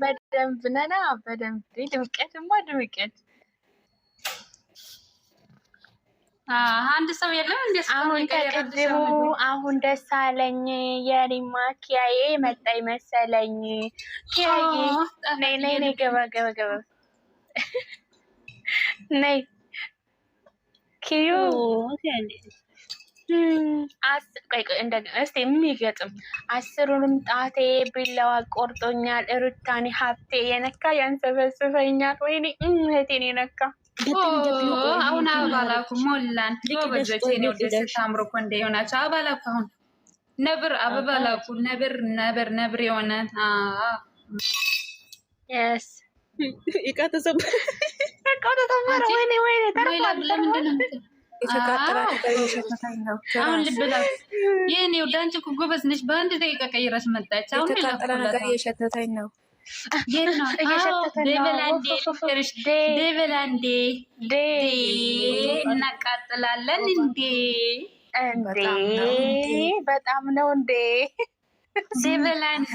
በደንብ ነና፣ በደንብ ድምቀትማ ድምቀት። አንድ ሰው የለም። እንዴ? አሁን ከቅድሙ አሁን ደስ አለኝ። የሪማ ኪያዬ መጣ ይመሰለኝ። ኪያዬ ነይ ነይ ነይ፣ ገባ ገባ ገባ፣ ነይ ኪዩ እስቲ የሚገጥም አስሩንም ጣቴ ቢላዋ ቆርጦኛል። ሩታኔ ሀብቴ የነካ ያንሰበስፈኛል። ወይኔ እህቴን የነካ አሁን አበባ ሞላን በዘቼኔ ደስታ አምሮ እኮ እንደሆናቸው አሁን ነብር አበባ ነብር ነብር ነብር የሆነ እቃ ተሰበረ። እቃ ወይኔ ወይኔ ተርፏል። ለምንድነው አሁን ልብላት ይህን ወዳንቺ እኮ ጎበዝ ነች። በአንድ ደቂቃ ቀይራሽ መጣች። አሁን እየሸተተኝ ነው። ደበላንዴ እናቃጥላለን እንዴ እንዴ! በጣም ነው እንዴ ደበላንዴ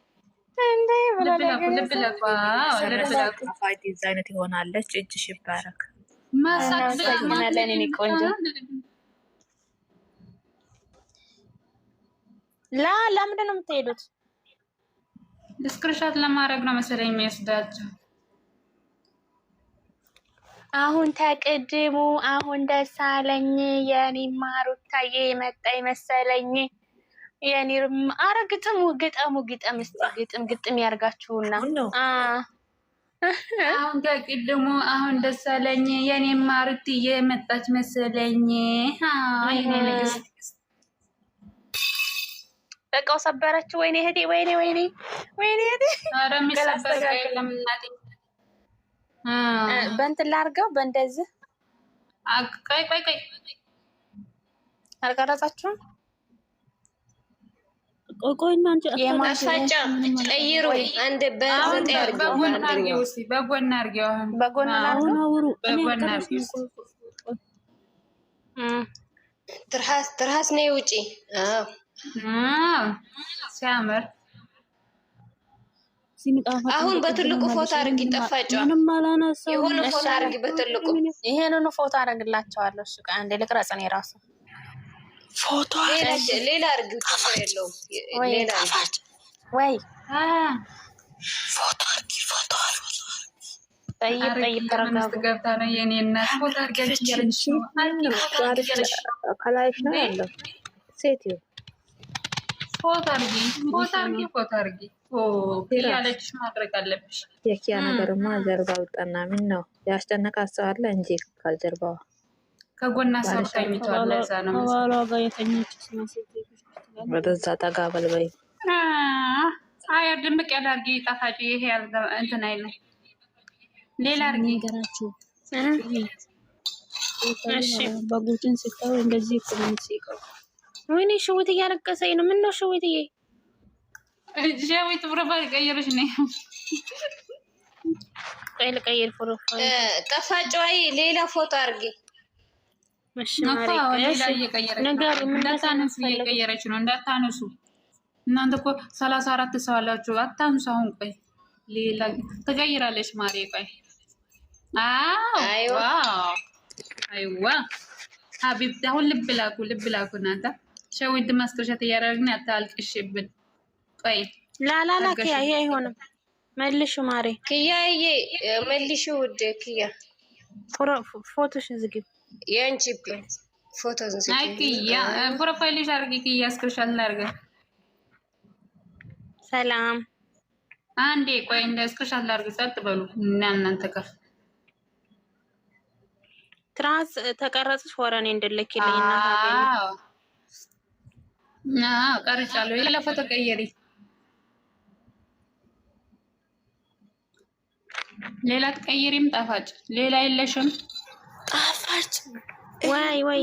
ዲዝ እጅሽ ይባረክ። ቆንጆ። ላ ለምንድን ነው የምትሄዱት? ስክሪንሾት ለማድረግ ነው መሰለኝ አሁን ተቅድሙ አሁን ደስ አለኝ የኔ ማሩታዬ መጣ መሰለኝ። የኔርም አረ ግጥም ግጠሙ ግጠም ስ ግጥም ግጥም ያርጋችሁና አሁን ከቅድሙ አሁን ደሳለኝ የኔ ማርት የመጣች መሰለኝ። በቃው ሰበረችው። ወይኔ እህቴ፣ ወይኔ ወይኔ ወይኔ እህቴ። በእንትን ላርገው በእንደዚህ ቆይ ቆይ ቆይ አልቀረጻችሁም? ቆይ እናንተ ትርሃስ ትርሃስ ነይ ውጪ። ሲያምር አሁን በትልቁ ፎቶ አድርጊ። ጠፋጫ የሆነ ፎቶ አድርጊ። በትልቁ ይሄንኑ ፎቶ አድርግላቸዋለሁ። እሱ ቀን እንደ ልቅረጽ ነው የራሱ ፎቶ ሌላ አድርጊው፣ ችግር የለውም። ሌላ ወይ ፎቶ አድርጊ፣ ፎቶ አድርጊ። ጠይቅ ጠይቅ፣ የኪያ ነገርማ ጀርባ ውጣና ምን ነው ያስጨነቃት ሰው አለ እንጂ ካልጀርባዋ ከጎና ሰው ተኝቷል። ለዛ ነው ባሏ ጠጋ አያ ድምቅ ያለ ጣፋጭ ይሄ እንትን አይለ ሌላ አርጊ ነገራችሁ። እሺ ስታዩ እንደዚህ እኮ ነው ወይኔ ሽውት እያለቀሰኝ ነው። ምነው ሽውትዬ ሸዊት ፕሮፋይል ቀየረች ነ ቀይል ቀይል ፕሮፋይል ጣፋጭ ሌላ ፎቶ አርጌ? እየቀየረች ነው። እንዳታነሱ እናንተ እኮ ሰላሳ አራት ሰው አላችሁ። አታንሱ። አሁን ቆይ ሌላ ትቀይራለች። ማሬ ቆይ አይዋ ሀቢብ አሁን ልብ ላኩ፣ ልብ ላኩ። እናንተ ሸዊድ እያደረግን አታልቅሽብን። ቆይ ላላላ ክያ ይሄ አይሆንም። መልሹ ማሬ ክያ መልሹ። ውድ ክያ ፎቶሽን ዝግብ የአንቺ ፎቶ ፕሮፋይልሽ አድርጊ። ክያ ሰላም አንዴ ቆይ፣ እንደ ጸጥ በሉ እና እናንተ ጋር ትራንስ ተቀረጽሽ ወረኔ ቀርጫለሁ። ሌላ ፎቶ ቀየሪ፣ ሌላ ትቀይሪም። ጣፋጭ ሌላ የለሽም? ወይ ወይ